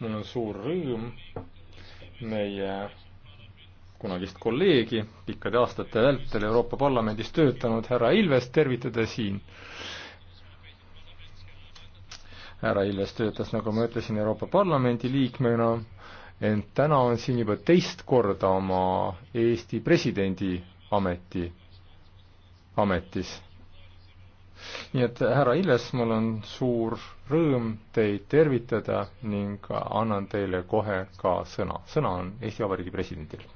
mul on suur rõõm meie kunagist kolleegi pikkade aastate vältel Euroopa Parlamendis töötanud härra Ilvest tervitada siin. härra Ilves töötas, nagu ma ütlesin, Euroopa Parlamendi liikmena, ent täna on siin juba teist korda oma Eesti presidendi ameti, ametis nii et härra Ilves, mul on suur rõõm teid tervitada ning annan teile kohe ka sõna. sõna on Eesti Vabariigi presidendil.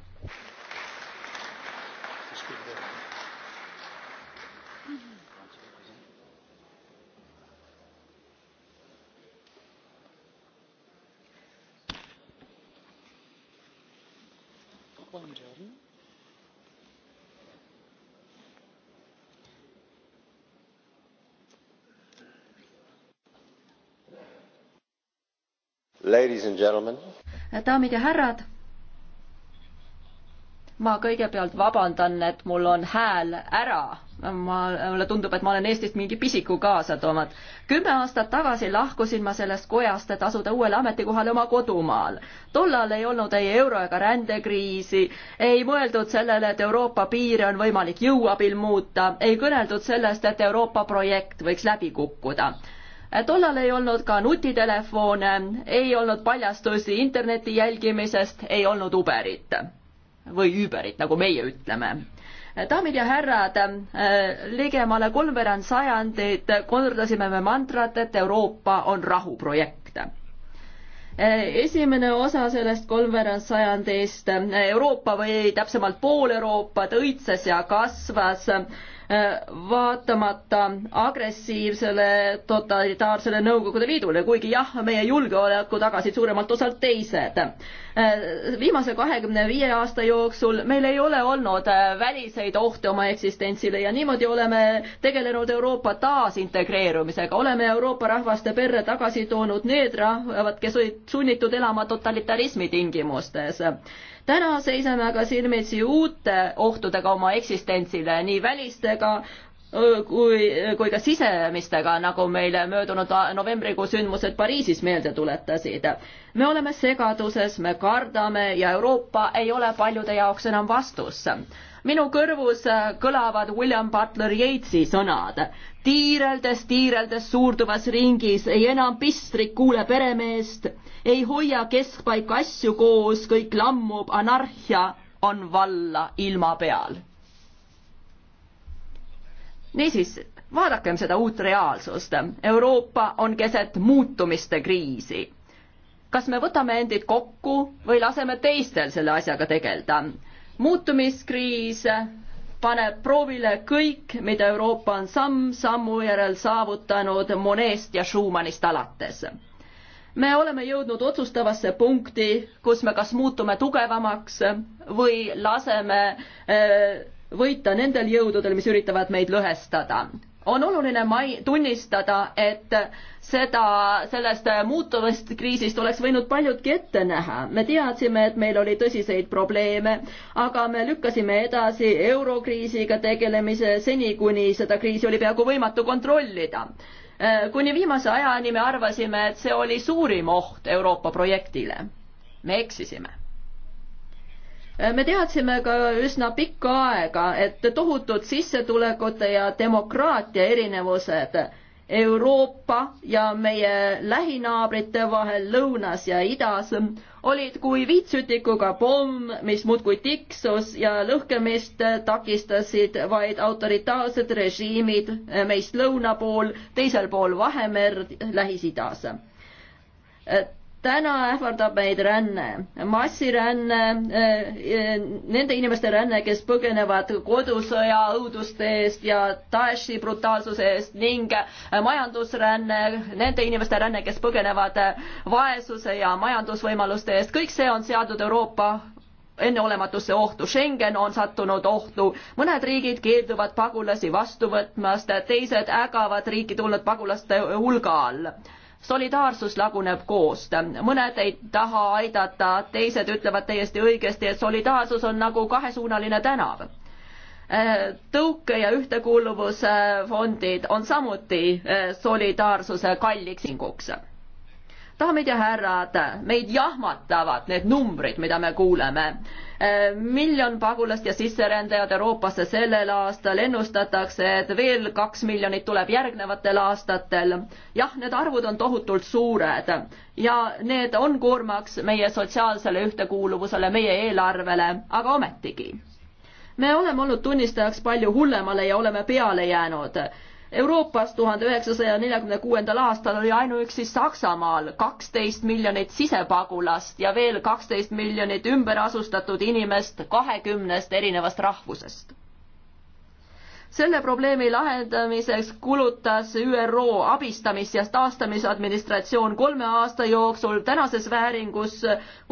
daamid ja härrad, ma kõigepealt vabandan, et mul on hääl ära. ma, mulle tundub, et ma olen Eestist mingi pisiku kaasa toonud. kümme aastat tagasi lahkusin ma sellest kojast, et asuda uuele ametikohale oma kodumaal. tollal ei olnud ei euro ega rändekriisi, ei mõeldud sellele, et Euroopa piire on võimalik jõuabil muuta, ei kõneldud sellest, et Euroopa projekt võiks läbi kukkuda tollal ei olnud ka nutitelefone, ei olnud paljastusi interneti jälgimisest, ei olnud Uberit või Uberit, nagu meie ütleme daamid ja härrad, äh, ligemale kolmveerand sajandit kordasime me mantrat, et Euroopa on rahuprojekt. Äh, esimene osa sellest kolmveerand sajandist, äh, Euroopa või täpsemalt pool Euroopat õitses ja kasvas Äh, vaatamata agressiivsele totalitaarsele Nõukogude Liidule, kuigi jah, meie julgeoleku tagasid suuremalt osalt teised. Äh, viimase kahekümne viie aasta jooksul meil ei ole olnud äh, väliseid ohte oma eksistentsile ja niimoodi oleme tegelenud Euroopa taasintegreerumisega, oleme Euroopa rahvaste perre tagasi toonud need rahvad, kes olid sunnitud elama totalitarismi tingimustes täna seisame aga silmitsi uute ohtudega oma eksistentsile, nii välistega kui, kui ka sisemistega, nagu meile möödunud novembrikuu sündmused Pariisis meelde tuletasid. me oleme segaduses, me kardame ja Euroopa ei ole paljude jaoks enam vastus minu kõrvus äh, kõlavad William Butler Yeatsi sõnad tiireldes, tiireldes suurduvas ringis, ei enam pistrik kuule peremeest, ei hoia keskpaika asju koos, kõik lammub, anarhia on valla ilma peal. niisiis, vaadakem seda uut reaalsust. Euroopa on keset muutumiste kriisi. kas me võtame endid kokku või laseme teistel selle asjaga tegeleda? muutumiskriis paneb proovile kõik, mida Euroopa on samm-sammu järel saavutanud Monet'st ja Schumannist alates. me oleme jõudnud otsustavasse punkti, kus me kas muutume tugevamaks või laseme eh, võita nendel jõududel, mis üritavad meid lõhestada on oluline mai-, tunnistada, et seda, sellest muutuvast kriisist oleks võinud paljudki ette näha. me teadsime, et meil oli tõsiseid probleeme, aga me lükkasime edasi eurokriisiga tegelemise seni, kuni seda kriisi oli peaaegu võimatu kontrollida. kuni viimase ajani me arvasime, et see oli suurim oht Euroopa projektile. me eksisime Äh, me teadsime ka üsna pikka aega, et tohutud sissetulekute ja demokraatia erinevused Euroopa ja meie lähinaabrite vahel lõunas ja idas olid kui viitsütikuga pomm, mis muudkui tiksus ja lõhkemist takistasid vaid autoritaarsed režiimid meist lõuna pool, teisel pool Vahemerd, Lähis-Idas täna ähvardab meid ränne, massiränne, eh, eh, nende inimeste ränne, kes põgenevad kodusõja õuduste eest ja Daeshi brutaalsuse eest ning eh, majandusränne, nende inimeste ränne, kes põgenevad vaesuse ja majandusvõimaluste eest, kõik see on seadnud Euroopa enneolematusse ohtu. Schengen on sattunud ohtu, mõned riigid keelduvad pagulasi vastu võtmast, teised ägavad riiki tulnud pagulaste hulga all solidaarsus laguneb koost, mõned ei taha aidata, teised ütlevad täiesti õigesti, et solidaarsus on nagu kahesuunaline tänav tõuke- ja ühtekuuluvusfondid on samuti solidaarsuse kalliks hinguks daamid ja härrad, meid jahmatavad need numbrid, mida me kuuleme. Eh, miljon pagulast ja sisserändajad Euroopasse sellel aastal, ennustatakse, et veel kaks miljonit tuleb järgnevatel aastatel. jah, need arvud on tohutult suured ja need on koormaks meie sotsiaalsele ühtekuuluvusele, meie eelarvele, aga ometigi me oleme olnud tunnistajaks palju hullemale ja oleme peale jäänud Euroopas tuhande üheksasaja neljakümne kuuendal aastal oli ainuüksi Saksamaal kaksteist miljonit sisepagulast ja veel kaksteist miljonit ümberasustatud inimest kahekümnest erinevast rahvusest. selle probleemi lahendamiseks kulutas ÜRO abistamis- ja taastamisadministratsioon kolme aasta jooksul tänases vääringus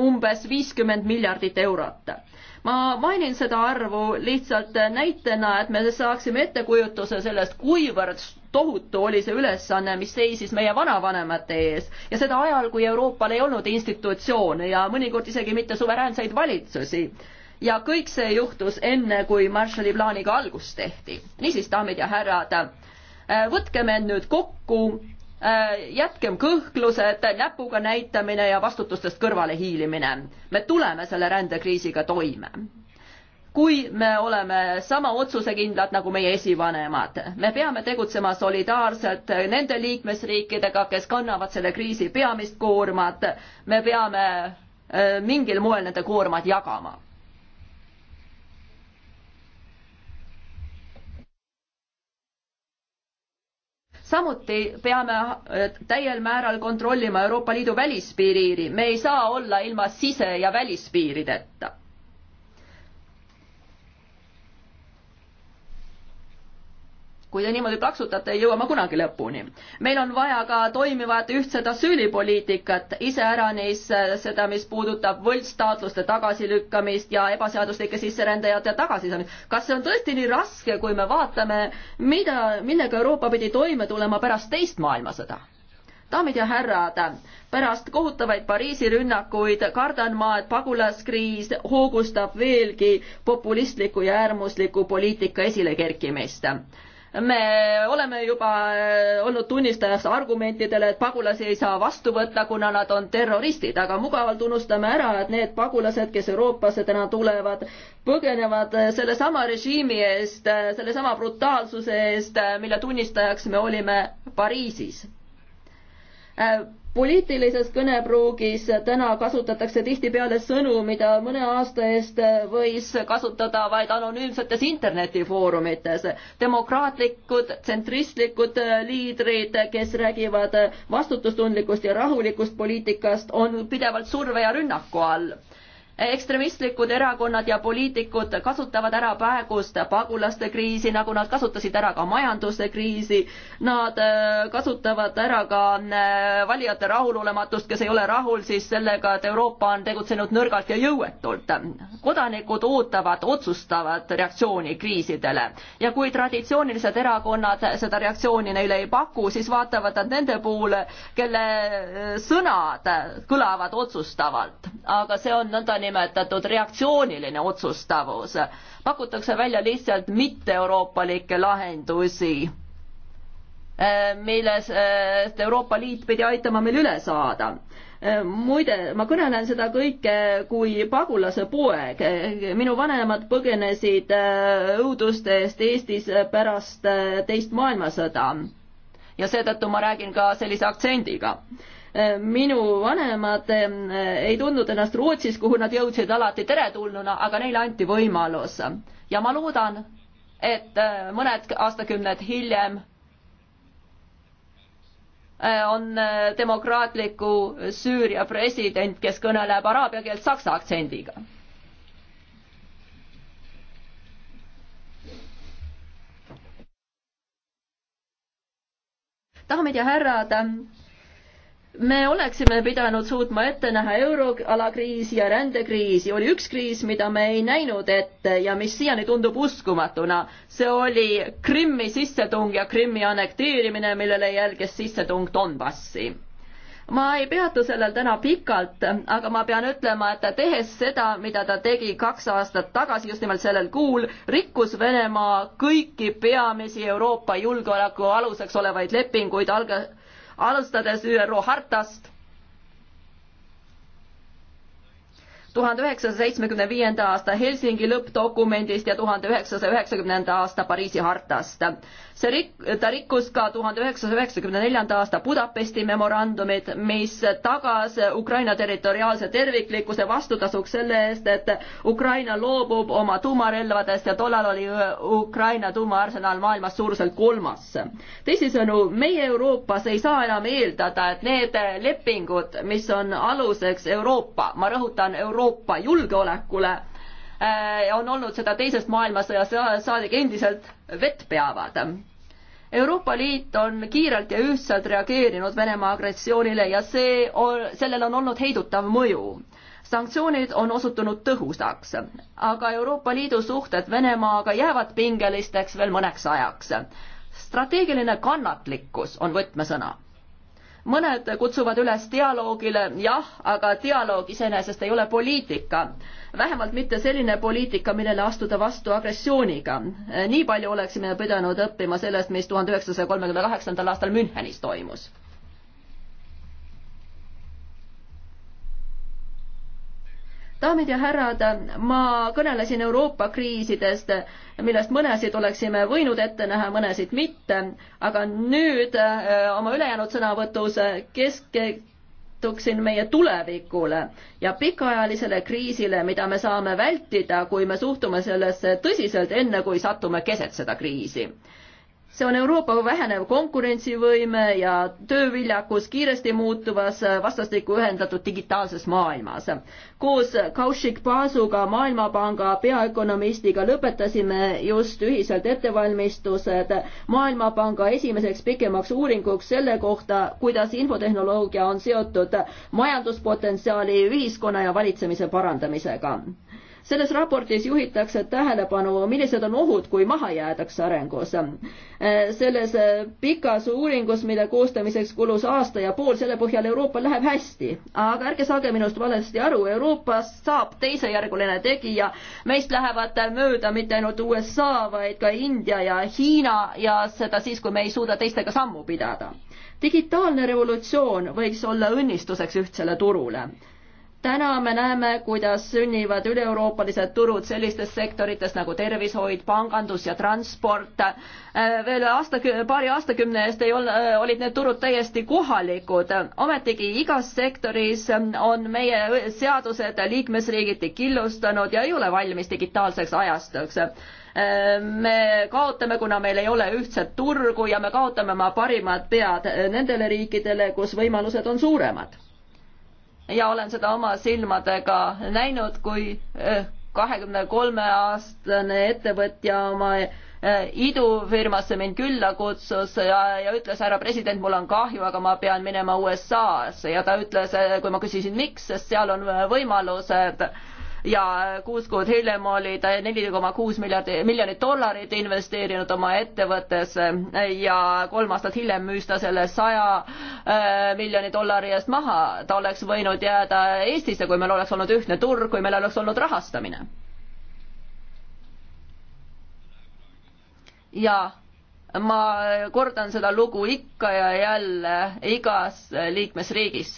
umbes viiskümmend miljardit eurot ma mainin seda arvu lihtsalt näitena, et me saaksime ettekujutuse sellest, kuivõrd tohutu oli see ülesanne, mis seisis meie vanavanemate ees ja seda ajal, kui Euroopal ei olnud institutsioone ja mõnikord isegi mitte suveräänseid valitsusi. ja kõik see juhtus enne, kui Marshalli plaaniga algust tehti. niisiis, daamid ja härrad, võtkem end nüüd kokku Äh, jätkem kõhklused, näpuga näitamine ja vastutustest kõrvalehiilimine. me tuleme selle rändekriisiga toime. kui me oleme sama otsusekindlad nagu meie esivanemad, me peame tegutsema solidaarselt nende liikmesriikidega, kes kannavad selle kriisi peamist koormat, me peame äh, mingil moel nende koormad jagama samuti peame eh, täiel määral kontrollima Euroopa Liidu välispiiri, me ei saa olla ilma sise- ja välispiirideta kui te niimoodi plaksutate, ei jõua ma kunagi lõpuni. meil on vaja ka toimivat ühtset asüülipoliitikat, iseäranis äh, seda, mis puudutab võltstaatluste tagasilükkamist ja ebaseaduslike sisserändajate tagasisaamist. kas see on tõesti nii raske, kui me vaatame, mida, millega Euroopa pidi toime tulema pärast teist maailmasõda? daamid ja härrad, pärast kohutavaid Pariisi rünnakuid kardan ma, et pagulaskriis hoogustab veelgi populistliku ja äärmusliku poliitika esilekerkimist me oleme juba äh, olnud tunnistajaks argumentidele, et pagulasi ei saa vastu võtta, kuna nad on terroristid, aga mugavalt unustame ära, et need pagulased, kes Euroopasse täna tulevad, põgenevad äh, sellesama režiimi eest, äh, sellesama brutaalsuse eest, mille tunnistajaks me olime Pariisis poliitilises kõnepruugis täna kasutatakse tihtipeale sõnu, mida mõne aasta eest võis kasutada vaid anonüümsetes internetifoorumites. demokraatlikud, tsentristlikud liidrid, kes räägivad vastutustundlikust ja rahulikust poliitikast, on pidevalt surve ja rünnaku all ekstremistlikud erakonnad ja poliitikud kasutavad ära praegust pagulaste kriisi, nagu nad kasutasid ära ka majanduse kriisi. Nad äh, kasutavad ära ka äh, valijate rahulolematust, kes ei ole rahul siis sellega, et Euroopa on tegutsenud nõrgalt ja jõuetult. kodanikud ootavad otsustavat reaktsiooni kriisidele ja kui traditsioonilised erakonnad seda reaktsiooni neile ei paku, siis vaatavad nad nende poole, kelle äh, sõnad kõlavad otsustavalt, aga see on nõndanimetatud nõndanimetatud reaktsiooniline otsustavus. pakutakse välja lihtsalt mitte-euroopalikke lahendusi, eh, millest eh, Euroopa Liit pidi aitama meil üle saada eh, muide, ma kõnelen seda kõike kui pagulase poeg. minu vanemad põgenesid õuduste eest Eestis pärast teist maailmasõda ja seetõttu ma räägin ka sellise aktsendiga minu vanemad eh, ei tundnud ennast Rootsis, kuhu nad jõudsid alati teretulnuna, aga neile anti võimalus. ja ma loodan, et eh, mõned aastakümned hiljem eh, on demokraatliku Süüria president, kes kõneleb araabia keelt saksa aktsendiga. daamid ja härrad me oleksime pidanud suutma ette näha euroala kriisi ja rändekriisi, oli üks kriis, mida me ei näinud ette ja mis siiani tundub uskumatuna. see oli Krimmi sissetung ja Krimmi annekteerimine, millele järgnes sissetung Donbassi. ma ei peatu sellel täna pikalt, aga ma pean ütlema, et tehes seda, mida ta tegi kaks aastat tagasi, just nimelt sellel kuul, rikkus Venemaa kõiki peamisi Euroopa julgeoleku aluseks olevaid lepinguid, alga-, alustades ÜRO hartast tuhande üheksasaja seitsmekümne viienda aasta Helsingi lõppdokumendist ja tuhande üheksasaja üheksakümnenda aasta Pariisi hartast see rik-, ta rikkus ka tuhande üheksasaja üheksakümne neljanda aasta Budapesti memorandumit, mis tagas Ukraina territoriaalse terviklikkuse vastutasuks selle eest, et Ukraina loobub oma tuumarelvadest ja tollal oli Ukraina tuumaarsenal maailmas suuruselt kolmas. teisisõnu, meie Euroopas ei saa enam eeldada, et need lepingud, mis on aluseks Euroopa, ma rõhutan, Euroopa julgeolekule, äh, on olnud seda teisest maailmasõjast saadik endiselt vett peavad Euroopa Liit on kiirelt ja ühtselt reageerinud Venemaa agressioonile ja see, sellel on olnud heidutav mõju. sanktsioonid on osutunud tõhusaks, aga Euroopa Liidu suhted Venemaaga jäävad pingelisteks veel mõneks ajaks. strateegiline kannatlikkus on võtmesõna. mõned kutsuvad üles dialoogile, jah, aga dialoog iseenesest ei ole poliitika vähemalt mitte selline poliitika, millele astuda vastu agressiooniga. nii palju oleksime pidanud õppima sellest, mis tuhande üheksasaja kolmekümne kaheksandal aastal Münchenis toimus. daamid ja härrad, ma kõnelesin Euroopa kriisidest, millest mõnesid oleksime võinud ette näha, mõnesid mitte, aga nüüd äh, oma ülejäänud sõnavõtus kesk, peatuksin meie tulevikule ja pikaajalisele kriisile, mida me saame vältida, kui me suhtume sellesse tõsiselt, enne kui satume keset seda kriisi see on Euroopa vähenev konkurentsivõime ja tööviljakus kiiresti muutuvas vastastikku ühendatud digitaalses maailmas. koos Kaushik Paasuga, Maailmapanga peaökonomistiga lõpetasime just ühiselt ettevalmistused Maailmapanga esimeseks pikemaks uuringuks selle kohta, kuidas infotehnoloogia on seotud majanduspotentsiaali, ühiskonna ja valitsemise parandamisega selles raportis juhitakse tähelepanu, millised on ohud, kui maha jäädakse arengus. Äh, selles äh, pikas uuringus, mille koostamiseks kulus aasta ja pool, selle põhjal Euroopal läheb hästi. aga ärge saage minust valesti aru, Euroopast saab teisejärguline tegija, meist lähevad mööda mitte ainult USA, vaid ka India ja Hiina ja seda siis, kui me ei suuda teistega sammu pidada digitaalne revolutsioon võiks olla õnnistuseks ühtsele turule täna me näeme, kuidas sünnivad üle-euroopalised turud sellistes sektorites nagu tervishoid, pangandus ja transport. Äh, veel aasta, paari aastakümne eest ei olnud, äh, olid need turud täiesti kohalikud. ometigi igas sektoris ähm, on meie äh, seadused liikmesriigiti killustanud ja ei ole valmis digitaalseks ajastuks me kaotame, kuna meil ei ole ühtset turgu ja me kaotame oma parimad pead nendele riikidele, kus võimalused on suuremad ja olen seda oma silmadega näinud, kui eh, kahekümne kolme aastane ettevõtja oma eh, idufirmasse mind külla kutsus ja, ja ütles, härra president, mul on kahju, aga ma pean minema USA-sse ja ta ütles, eh, kui ma küsisin, miks, sest seal on võimalused äh, ja kuus kuud hiljem oli ta neli koma kuus miljardi, miljonit dollarit investeerinud oma ettevõttesse ja kolm aastat hiljem müüs ta selle saja äh, miljoni dollari eest maha. ta oleks võinud jääda Eestisse, kui meil oleks olnud ühtne turg, kui meil oleks olnud rahastamine. ja ma kordan seda lugu ikka ja jälle igas liikmesriigis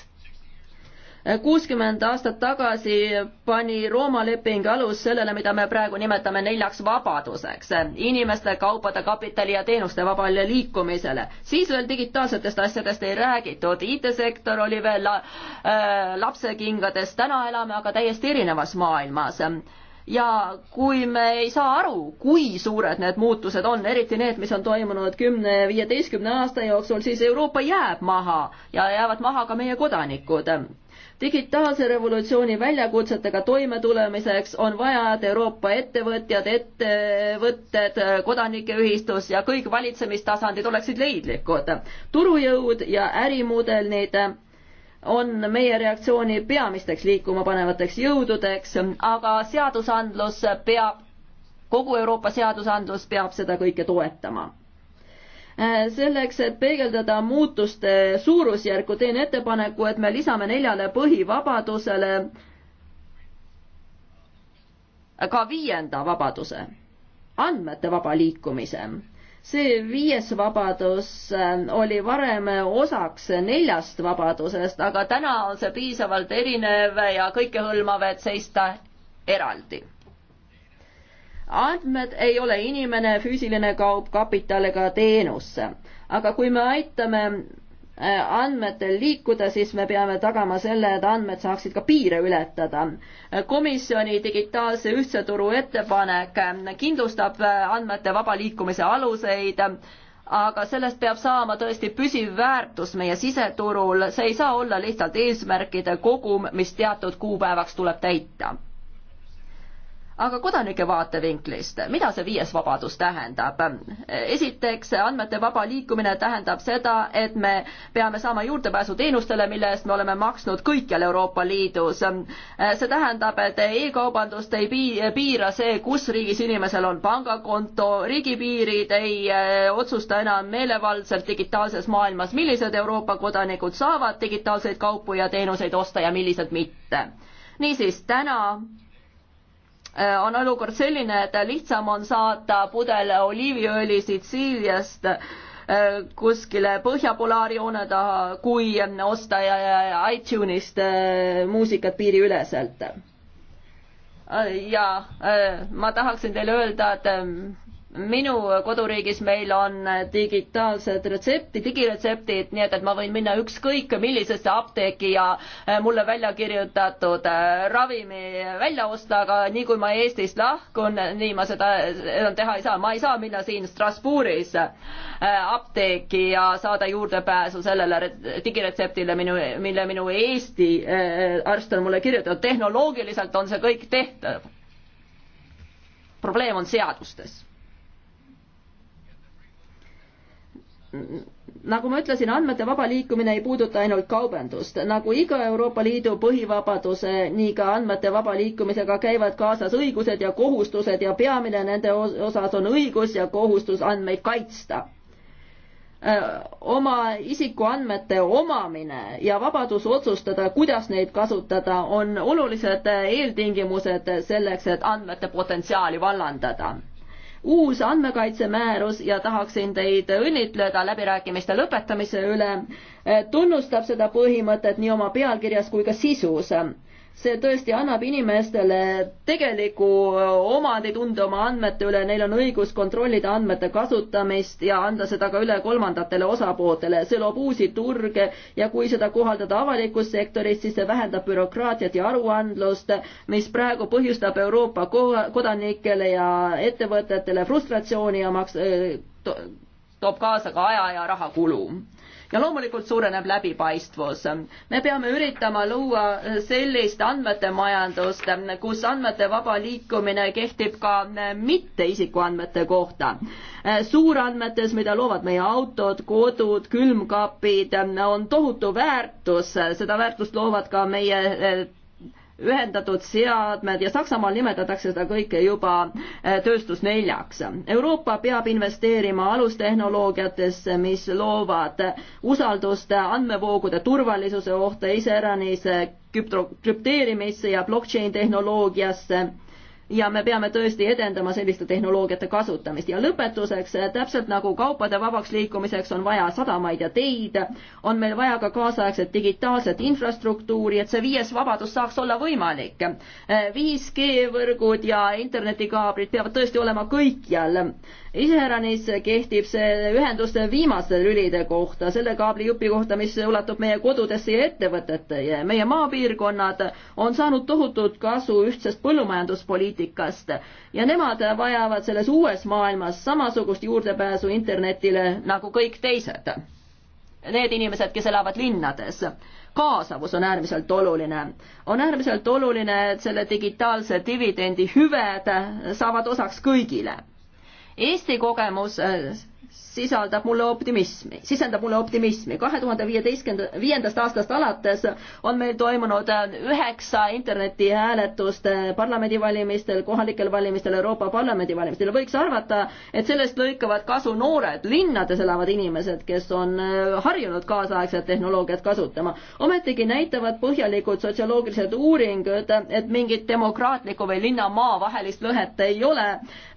kuuskümmend aastat tagasi pani Rooma leping alus sellele, mida me praegu nimetame neljaks vabaduseks, inimeste, kaupade, kapitali ja teenuste vabale liikumisele. siis veel digitaalsetest asjadest ei räägitud, IT-sektor oli veel la, äh, lapsekingades, täna elame aga täiesti erinevas maailmas ja kui me ei saa aru, kui suured need muutused on, eriti need, mis on toimunud kümne, viieteistkümne aasta jooksul, siis Euroopa jääb maha ja jäävad maha ka meie kodanikud digitaalse revolutsiooni väljakutsetega toimetulemiseks on vaja, et Euroopa ettevõtjad, ettevõtted, kodanikeühistus ja kõik valitsemistasandid oleksid leidlikud. turujõud ja ärimudelid on meie reaktsiooni peamisteks liikuma panevateks jõududeks, aga seadusandlus peab, kogu Euroopa seadusandlus peab seda kõike toetama Äh, selleks, et peegeldada muutuste suurusjärku, teen ettepaneku, et me lisame neljale põhivabadusele ka viienda vabaduse, andmete vaba liikumise. see viies vabadus äh, oli varem osaks neljast vabadusest, aga täna on see piisavalt erinev ja kõikehõlmav, et seista eraldi andmed ei ole inimene, füüsiline kaup, kapital ega teenus. aga kui me aitame äh, andmetel liikuda, siis me peame tagama selle, et andmed saaksid ka piire ületada. komisjoni digitaalse ühtse turu ettepanek äh, kindlustab äh, andmete vaba liikumise aluseid, aga sellest peab saama tõesti püsiv väärtus meie siseturul, see ei saa olla lihtsalt eesmärkide kogum, mis teatud kuupäevaks tuleb täita aga kodanike vaatevinklist, mida see viies vabadus tähendab? esiteks, andmete vaba liikumine tähendab seda, et me peame saama juurdepääsu teenustele, mille eest me oleme maksnud kõikjal Euroopa Liidus. see tähendab, et e-kaubandust ei piira see, kus riigis inimesel on pangakonto, riigipiirid ei eh, otsusta enam meelevaldselt digitaalses maailmas, millised Euroopa kodanikud saavad digitaalseid kaupu ja teenuseid osta ja millised mitte. niisiis, täna Äh, on olukord selline, et lihtsam on saata pudel oliiviõli Sitsiiliast äh, kuskile Põhja polaarjoone taha, kui osta iTunesist äh, muusikat piiriüleselt. ja ma tahaksin teile öelda, et ähm, minu koduriigis meil on digitaalsed retsepti, digiretseptid, nii et, et ma võin minna ükskõik millisesse apteeki ja äh, mulle välja kirjutatud äh, ravimi välja osta, aga nii kui ma Eestist lahkun, nii ma seda enam teha ei saa, ma ei saa minna siin Strasbourgis äh, apteeki ja saada juurdepääsu sellele digiretseptile, minu, mille minu Eesti arst on mulle kirjutanud, tehnoloogiliselt on see kõik tehtav. probleem on seadustes nagu ma ütlesin, andmete vaba liikumine ei puuduta ainult kaubandust, nagu iga Euroopa Liidu põhivabaduse, nii ka andmete vaba liikumisega käivad kaasas õigused ja kohustused ja peamine nende osas on õigus ja kohustus andmeid kaitsta. oma isikuandmete omamine ja vabadus otsustada, kuidas neid kasutada, on olulised eeltingimused selleks, et andmete potentsiaali vallandada uus andmekaitsemäärus ja tahaksin teid õnnitleda läbirääkimiste lõpetamise üle, tunnustab seda põhimõtet nii oma pealkirjas kui ka sisus see tõesti annab inimestele tegeliku omanditunde oma andmete üle, neil on õigus kontrollida andmete kasutamist ja anda seda ka üle kolmandatele osapooltele, see loob uusi turge ja kui seda kohaldada avalikus sektoris, siis see vähendab bürokraatiat ja aruandlust, mis praegu põhjustab Euroopa kodanikele ja ettevõtetele frustratsiooni ja maks-, toob kaasa ka aja ja raha kulu ja loomulikult suureneb läbipaistvus. me peame üritama luua sellist andmete majandust, kus andmete vaba liikumine kehtib ka mitte isikuandmete kohta. suurandmetes, mida loovad meie autod, kodud, külmkapid, on tohutu väärtus, seda väärtust loovad ka meie ühendatud seadmed ja Saksamaal nimetatakse seda kõike juba eh, tööstusneljaks. Euroopa peab investeerima alustehnoloogiatesse, mis loovad usaldust andmevoogude turvalisuse kohta, iseäranis krüpteerimisse ja blockchain tehnoloogiasse ja me peame tõesti edendama selliste tehnoloogiate kasutamist. ja lõpetuseks, täpselt nagu kaupade vabaks liikumiseks on vaja sadamaid ja teid, on meil vaja ka kaasaegset digitaalset infrastruktuuri, et see viies vabadus saaks olla võimalik. 5G eh, võrgud ja internetikaablid peavad tõesti olema kõikjal iseäranis kehtib see ühenduste viimaste lülide kohta, selle kaablijupi kohta, mis ulatub meie kodudesse ja ettevõtete ja meie maapiirkonnad on saanud tohutut kasu ühtsest põllumajanduspoliitikast ja nemad vajavad selles uues maailmas samasugust juurdepääsu internetile nagu kõik teised. Need inimesed, kes elavad linnades kaasavus on äärmiselt oluline. on äärmiselt oluline, et selle digitaalse dividendi hüved saavad osaks kõigile Eesti kogemus äh, sisaldab mulle optimismi, sisendab mulle optimismi. kahe tuhande viieteistkümnenda, viiendast aastast alates on meil toimunud äh, üheksa internetihääletust äh, parlamendivalimistel, kohalikel valimistel, Euroopa Parlamendi valimistel. võiks arvata, et sellest lõikavad kasu noored, linnades elavad inimesed, kes on äh, harjunud kaasaegset tehnoloogiat kasutama. ometigi näitavad põhjalikud sotsioloogilised uuringud, et mingit demokraatlikku või linna-maa vahelist lõhet ei ole.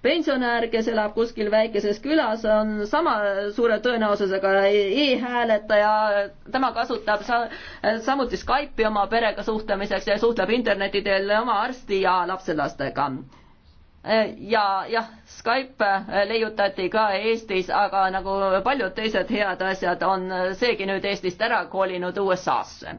pensionär, kes elab kuskil väikeses külas, on sama suure tõenäosusega e-hääletaja, tema kasutab sa, samuti Skype'i oma perega suhtlemiseks ja suhtleb interneti teel oma arsti ja lapselastega ja jah, Skype leiutati ka Eestis, aga nagu paljud teised head asjad, on seegi nüüd Eestist ära kolinud USA-sse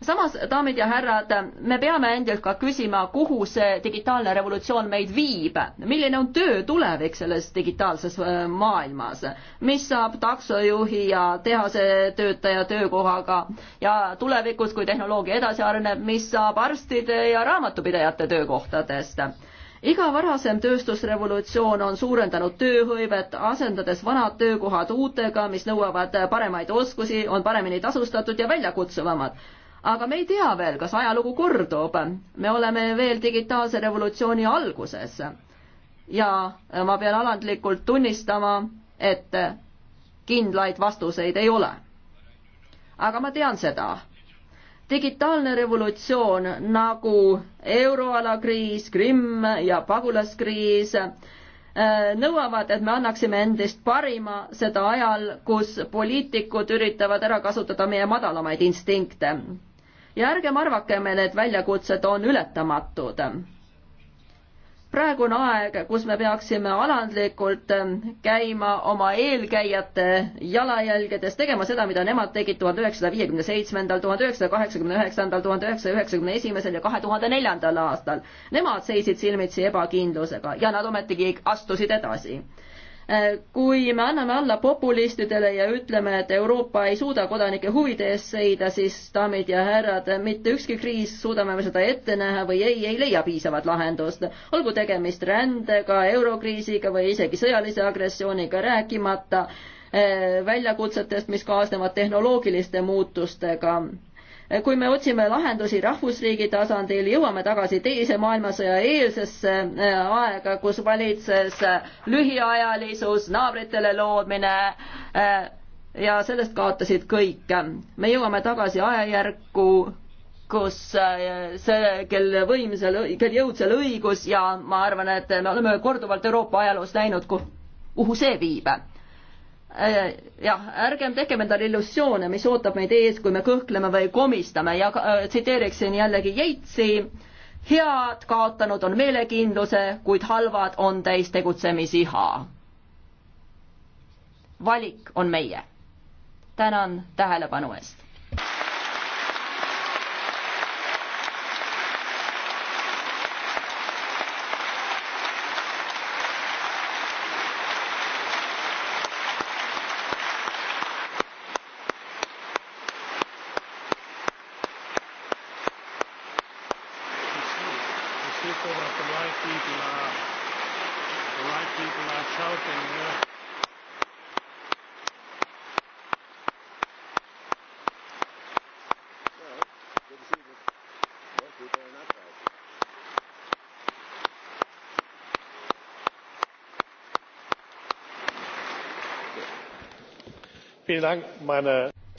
samas, daamid ja härrad, me peame endilt ka küsima, kuhu see digitaalne revolutsioon meid viib, milline on töö tulevik selles digitaalses äh, maailmas, mis saab taksojuhi ja tehase töötaja töökohaga ja tulevikus, kui tehnoloogia edasi areneb, mis saab arstide ja raamatupidajate töökohtadest iga varasem tööstusrevolutsioon on suurendanud tööhõivet, asendades vanad töökohad uutega, mis nõuavad paremaid oskusi, on paremini tasustatud ja väljakutsuvamad aga me ei tea veel, kas ajalugu kordub. me oleme veel digitaalse revolutsiooni alguses. ja ma pean alandlikult tunnistama, et kindlaid vastuseid ei ole. aga ma tean seda. digitaalne revolutsioon nagu euroala kriis, Krimm ja pagulaskriis äh, nõuavad, et me annaksime endist parima seda ajal, kus poliitikud üritavad ära kasutada meie madalamaid instinkte ja ärgem arvakem, need väljakutsed on ületamatud. praegune aeg, kus me peaksime alandlikult ähm, käima oma eelkäijate jalajälgedes, tegema seda, mida nemad tegid tuhande üheksasaja viiekümne seitsmendal, tuhande üheksasaja kaheksakümne üheksandal, tuhande üheksasaja üheksakümne esimesel ja kahe tuhande neljandal aastal. Nemad seisid silmitsi ebakindlusega ja nad ometigi astusid edasi Äh, kui me anname alla populistidele ja ütleme, et Euroopa ei suuda kodanike huvide eest seida, siis daamid ja härrad, mitte ükski kriis, suudame me seda ette näha või ei, ei leia piisavat lahendust. olgu tegemist rändega, eurokriisiga või isegi sõjalise agressiooniga, rääkimata äh, väljakutsetest, mis kaasnevad tehnoloogiliste muutustega kui me otsime lahendusi rahvusriigi tasandil, jõuame tagasi teise maailmasõja eelsesse äh, aega, kus valitses äh, lühiajalisus, naabritele loomine äh, ja sellest kaotasid kõik. me jõuame tagasi ajajärku, kus see, kel võim seal, kel jõud seal õigus ja ma arvan, et me oleme korduvalt Euroopa ajaloos näinud, kuhu see viib Äh, jah, ärgem tegem endale illusioone, mis ootab meid ees, kui me kõhkleme või komistame ja äh, tsiteeriksin jällegi Jeitsi, head kaotanud on meelekindluse, kuid halvad on täis tegutsemisiha. valik on meie. tänan tähelepanu eest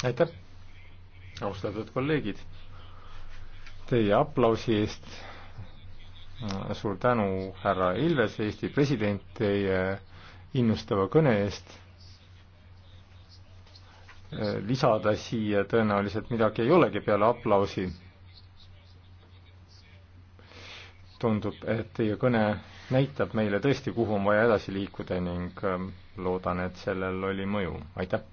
aitäh, austatud kolleegid, teie aplausi eest. suur tänu, härra Ilves, Eesti president, teie innustava kõne eest lisada siia tõenäoliselt midagi ei olegi peale aplausi. tundub, et teie kõne näitab meile tõesti, kuhu on vaja edasi liikuda ning ähm, loodan, et sellel oli mõju, aitäh!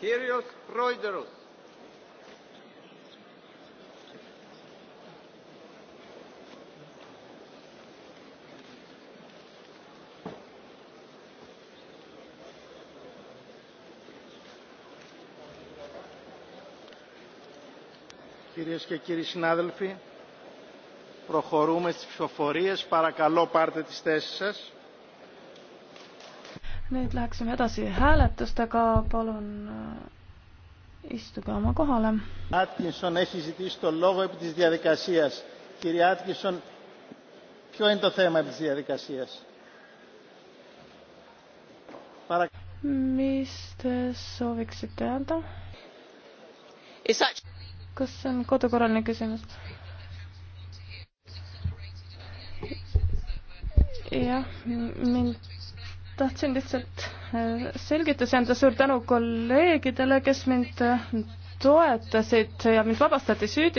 Kyrios Proiderus. Κυρίες και κύριοι συνάδελφοι, προχωρούμε στις ψηφοφορίες. Παρακαλώ πάρτε τις θέσεις σας nüüd läheksime edasi hääletustega, palun äh, istuge oma kohale. Atkinson έχει ζητήσει το λόγο επί της διαδικασίας. Κύριε Atkinson, ποιο είναι το θέμα επί της διαδικασίας. Παρακαλώ. Mis te sooviksite öelda? kas see on kodukorraline küsimus? jah, mind tahtsin lihtsalt äh, selgitusi anda, suur tänu kolleegidele, kes mind äh, toetasid ja mind vabastati süüdi-.